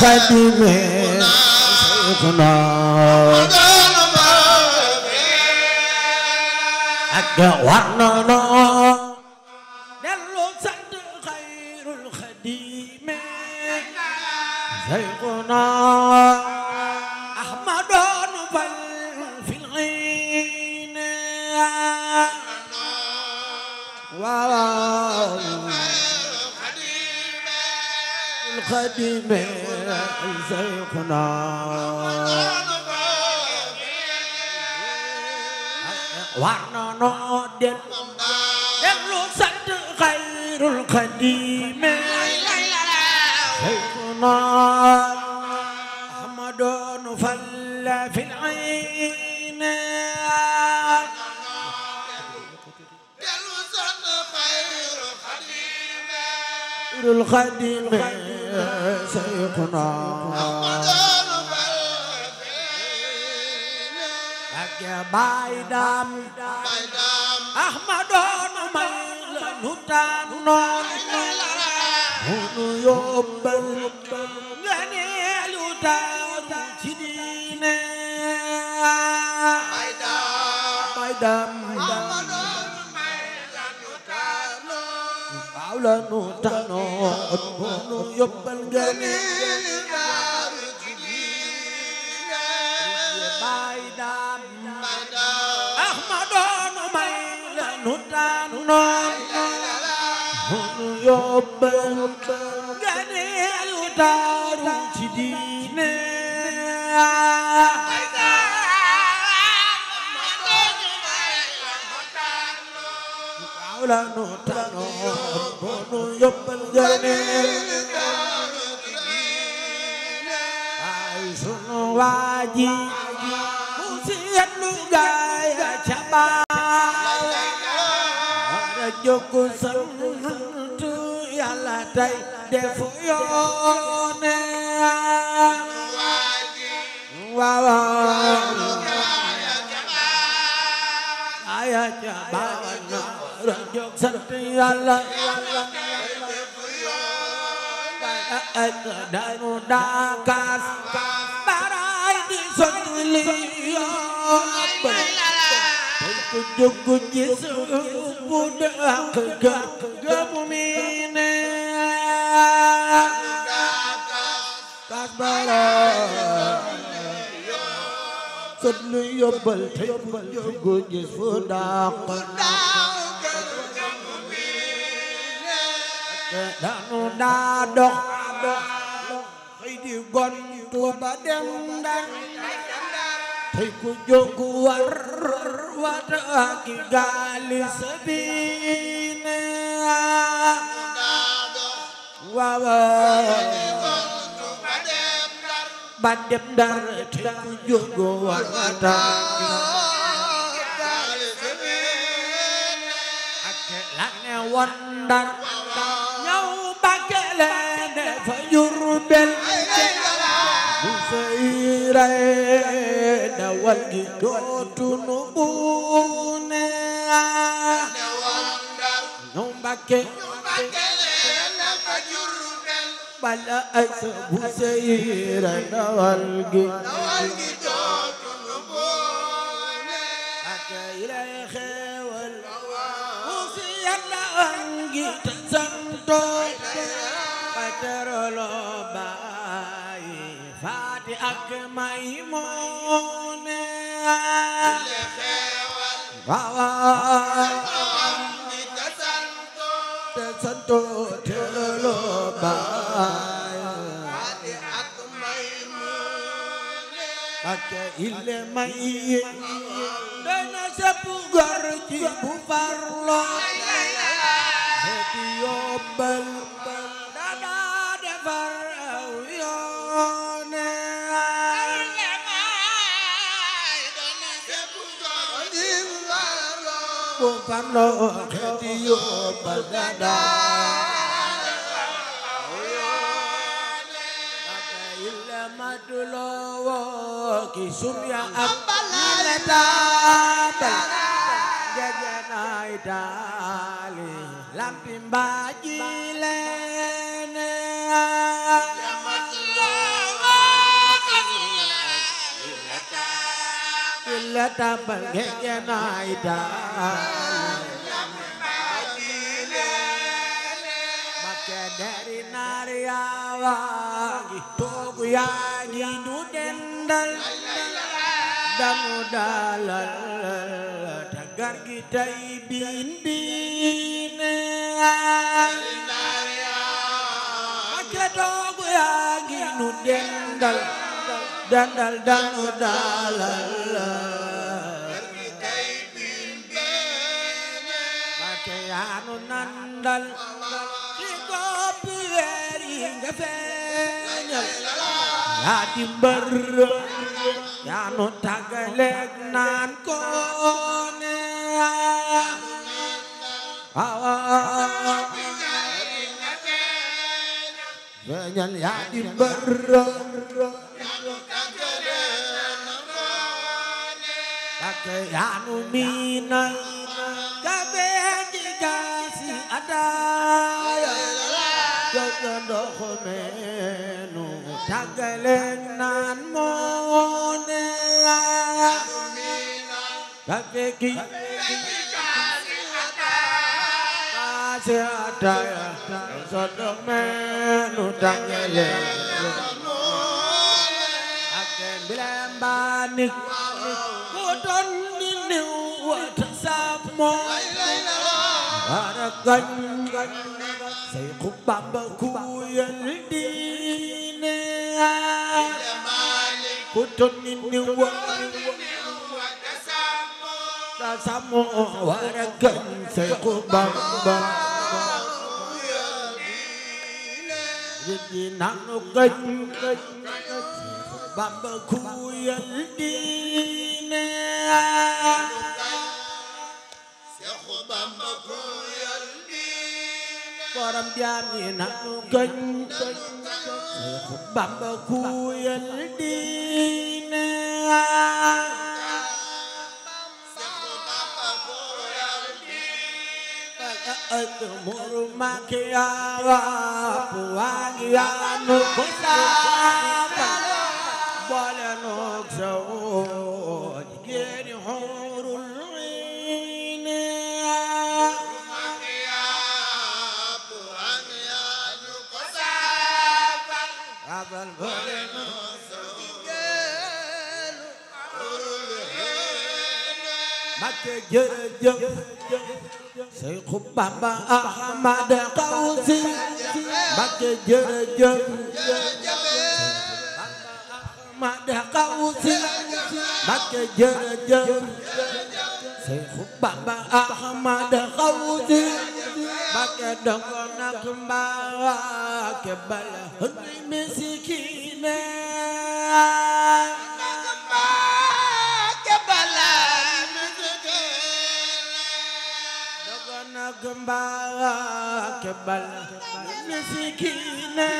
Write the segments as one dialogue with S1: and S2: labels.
S1: خادمه سيدنا ga war na noo dellu sant xayrul xadime sayxuna ahmadoon fal fil xiin waaw xadime sayxuna war na noo dellu dellu sant xayrul xadime sayyiduna ahmadun falla fil ayni dellu sant xayrul xadime sayyiduna ya baay daam ahmadoonu may la nu tànnoon mu nu yóbbal nga neelu taaru ci diine baay daam waaw la nu tànnoon mu nu yóbbal nga neelu noon mu yóbbal ganeel wu taaru ci diine la nu tanoon mu nu yóbbal ganeel ay sunu waaji jokku sant yàlla tey def yoone waaw aya ca baawa na jokk sant yàlla danu daakaas baray di sotli yoon dugg ci suuf bu dàq gàpp gàpp mi ne kasbara sot lu yóbbal te dugg ci fu dàq danu daa dox dox xëy di gontu ba dem ndar tey ku jóg war wata ak gaali sabiine ba dem dar tey ku jóg war wata ak gaali sabiine ak la ne woon dar rey dawal gi dootunu buune ñu Mbàkke bala ay sa bu
S2: seyra dawal
S1: gi maymune waaw waaw ni tasanto tasanto telo baay ade ak maymune ak ile may dana sepp góor ci bu farlo فنو خدي بدنا إلا ما دلوك سميا أبلتا جانا إدالي لامبين باجيلين إلا تبلغ جانا إدالي yaa ngi toog yaa ngi nu dendal danu dalal ta gar gi tay biin biin ake yaa ngi nu dendal dandal danu dalal ake yaa nu nandal nga feeñal yaa di mbër yaa nu tàggaleeg naan ko ne waaw feeñal yaa di mbër ake yaanu miinal ka bee di gaasi adaaya dëgg ndox meenu tàggale naan moo ne dafe ki kaasi ataaya so ndox meenu tàggale aken bileen baanik ku doon ni niw wata saab moo ara gañ gañ Seexu Bamba ku yal diine ah. ku tonni ni wa da samo wara gëm Seexu Bamba di nanu gëj gëj Seexu Bamba ku yal diine ah. Seexu Bamba ku borom jaam ñi nanu gëñ Bamba kuyal diine muru makiya wa puang ya nu kota bolen ok so Seexu Bamba Ahmad Xawsi Mbakke jërëjëf Ahmad Xawsi Mbakke jërëjëf Seexu Bamba Ahmad Xawsi Mbakke dongo نك مباك بلا هني مسكينة نك مباك بلا مسكينة نك مباك بلا مسكينة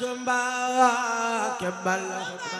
S1: Gumba, Gumba, Gumba,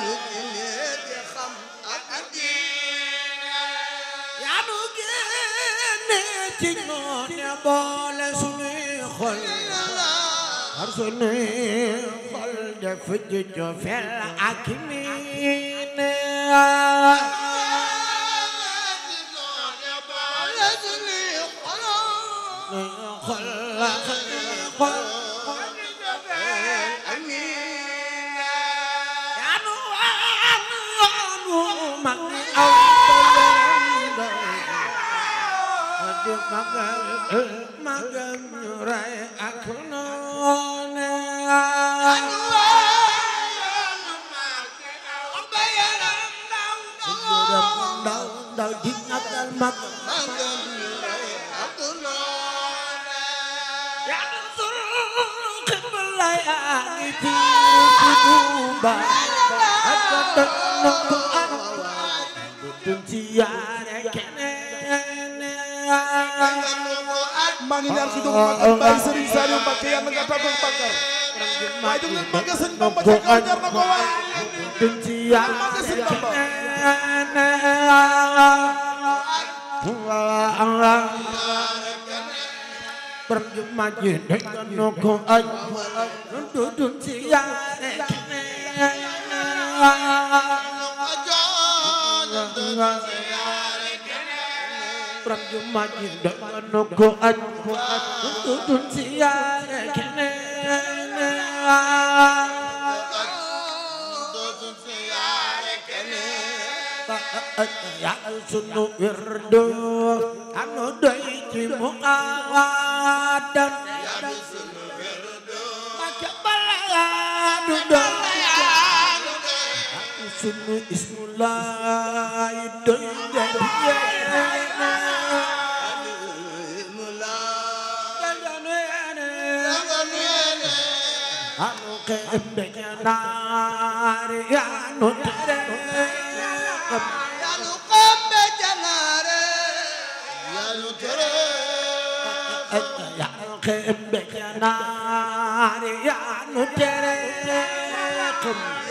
S1: boole sunuy xol xar sunuy xol def ju di magal magal ñu ray ak noone ndaw ndaw di magal magal magal ñu ray ak noone ya sunu xibla yaa ngi fi Tuuba ak ko no ko am bu tum ci yaare keneen maa ngi ñaan ci doomu Magal ah, ah, Baye ah. Serigne Saliou Mbacké yàlla nga tàggoog Bakar waaye jóg leen Magal Serigne Bamba ca kaw jar na ko waay Magal Serigne Bamba borom ju mag yi dañ na ko ay nun du dun ci yàlla ram ju màjj doon ko aj ko aj dun siyaare keneen dun siyaare keneen sunu wirdu anu doy ci mu awadan ya sunu wirdu maka bala du doy sunu ismu laay doy anu kembe janare anu tere anu kembe janare anu tere anu kembe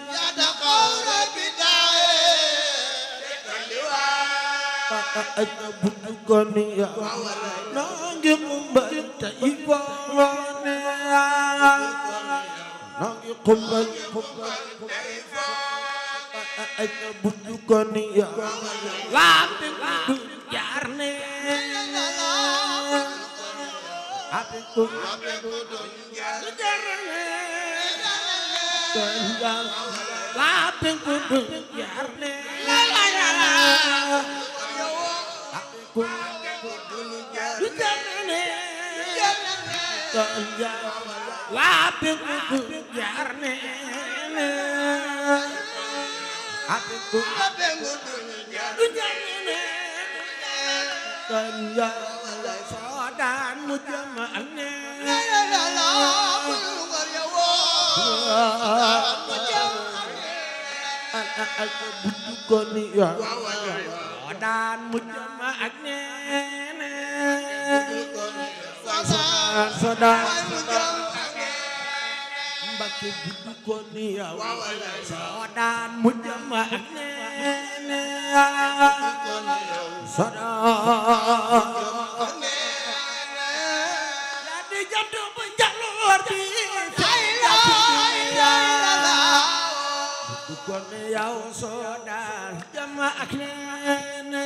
S1: أجبت قنيا نانجي قبل تيفانيا نانجي قبل أجبت قنيا لا تقول جارني أبيكو أبيكو جارني لا تقول waa bëgg bu jaar ne a bëgg bu jaar ne kon yaa soo daan mu jëmal ne ak buddu ko ni yaa soo daan mu jëmal ne sodaan sodaan Mbakke juddu ko ni yaw sodaan mu jama ak neene sodaan yaa di jantu bu jaloor di fay laa juddu ko ni yaw sodaan jama ak neene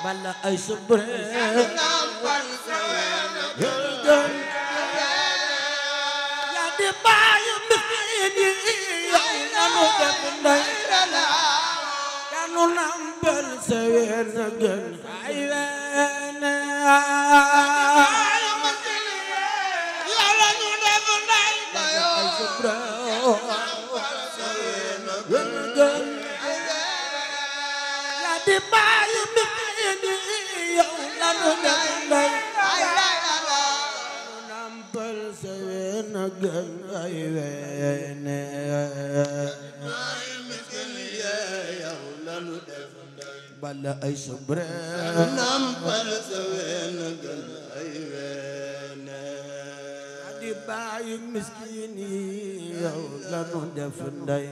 S1: bala ay subre ya di bayu miskin yi nanu def ndey nu nambal sa weer na gën ay weene yàlla ñu def nday bayoo gën gën yaa di bàyyi mbay di yow la nu def nday nambal sa weer na gën ay
S2: weene
S1: balla ay sombre nampal sa ween gal ay ween di baayu miskin yi yow la nu def nday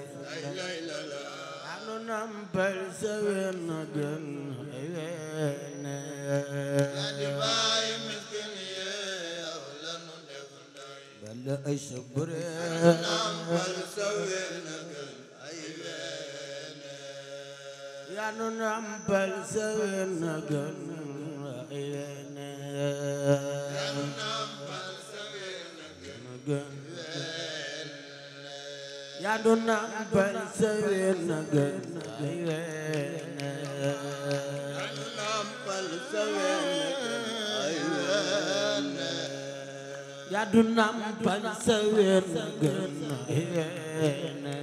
S1: anu nampal sa ween gal ay ween di baayu miskin yi yow la nu def nday balla ay sombre nampal sa ween yanu nambal sawena gan ayene yanu nambal sawena gan yanu nambal sawena gan ayene yanu nambal sawena ayene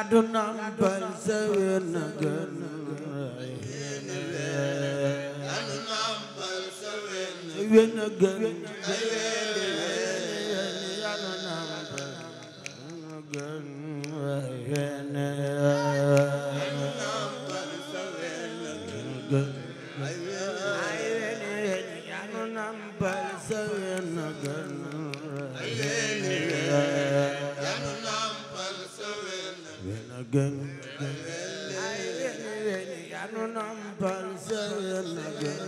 S1: àdduna bal sawir na gën wen na gën gën ay weni weni yanu nampal sëriñ la gën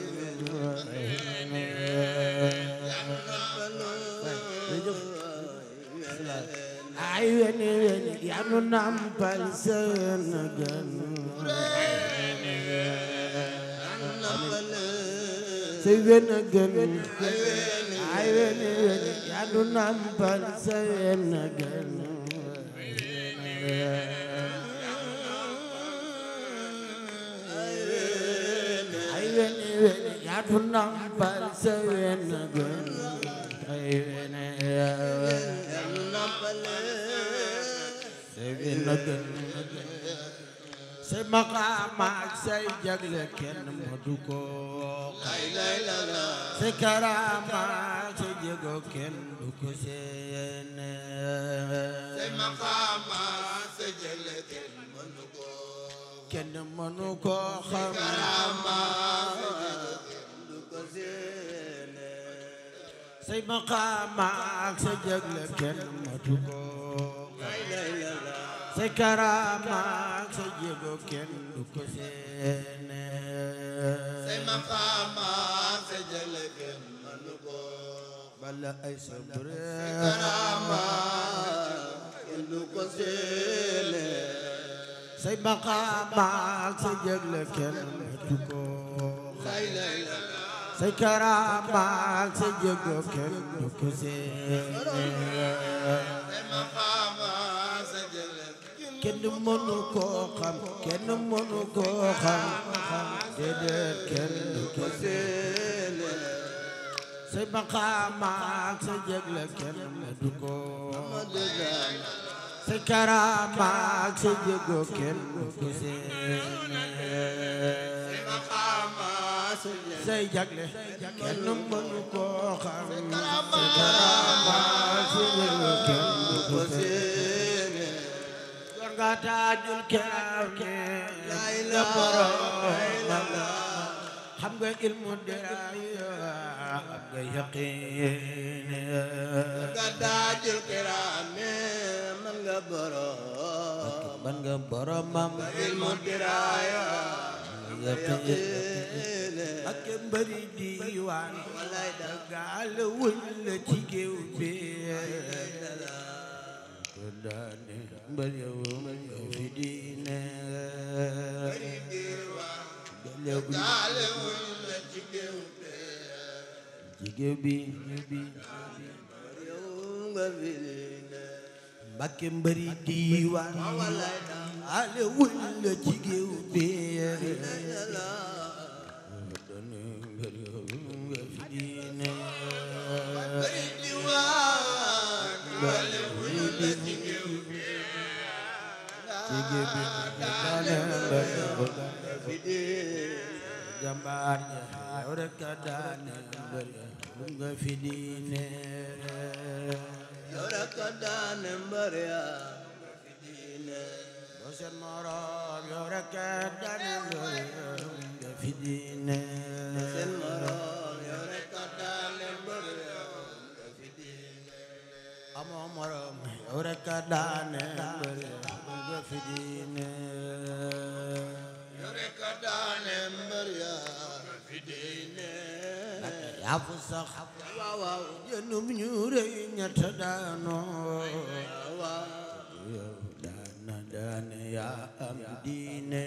S1: ay weni weni yanu nampal sëriñ la gën say wen a gën ay weni weni yanu nampal sëriñ la gën dina say maqaama say jagle kenn mu du say karaama say jagle kenn mu kenn mënu say maqaama say jagle kenn mu ko sa karaama ak sa jéego kenn du ko seene sa maqaama ak sa jële kenn mënu ko bala kenn mënu koo kenn mënu koo xam kenn du ko seele say jagle kenn mënu koo taajul kiraam lay la xam nga ilmu diraaya xam nga yaqiin nga taajul kiraam man nga borom
S2: man nga borom
S1: mam ilmu diraaya yaqiin ak mbari diiwaan walaay da gaal wuñ la ci géew bi jigéen bi Mbakke mbëri diwaan ale wul la jigéen bi jàmbaar ja yow rekk a daane mbër ya lu nga fi diine yow rekk a daane mbër ya doo seen moroom yow rekk a daane mbër ya lu nga fi diine amoo moroom yow rekk a daane mbër ya lu nga fi diine xafu sax waaw jënum ñu rëy ñett daanoo daana daane yaa am diine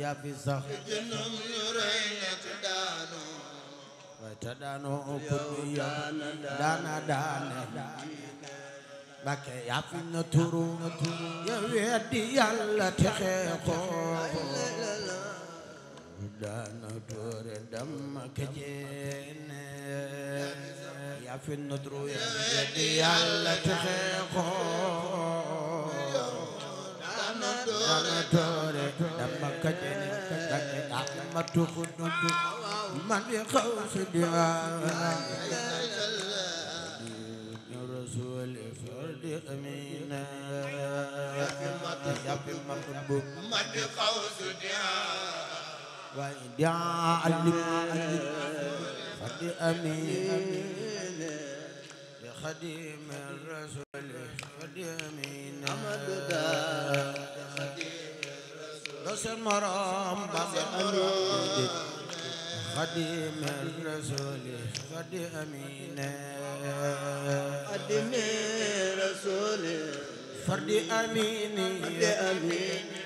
S1: yaa fi sax jënum ñu rëy ñett daanoo ta daanoo kun daana daane bakke yaa fi na turu ya weddi yàlla te xeexoo dana dore dam ke jene ya fi nadru ya di yàlla texe ko dana
S2: dore dam ke jene dana dama tuxu
S1: man di xaw si di رسول فرد
S2: أمينا يا في المطلوب
S1: مد قوس ديار
S2: ويعلم
S1: قد أمين لخديم الرسول خديمين أمددا لخديم الرسول رسول مرام بامين خديم الرسول خديمين خديم الرسول فرد أمين فرد أمين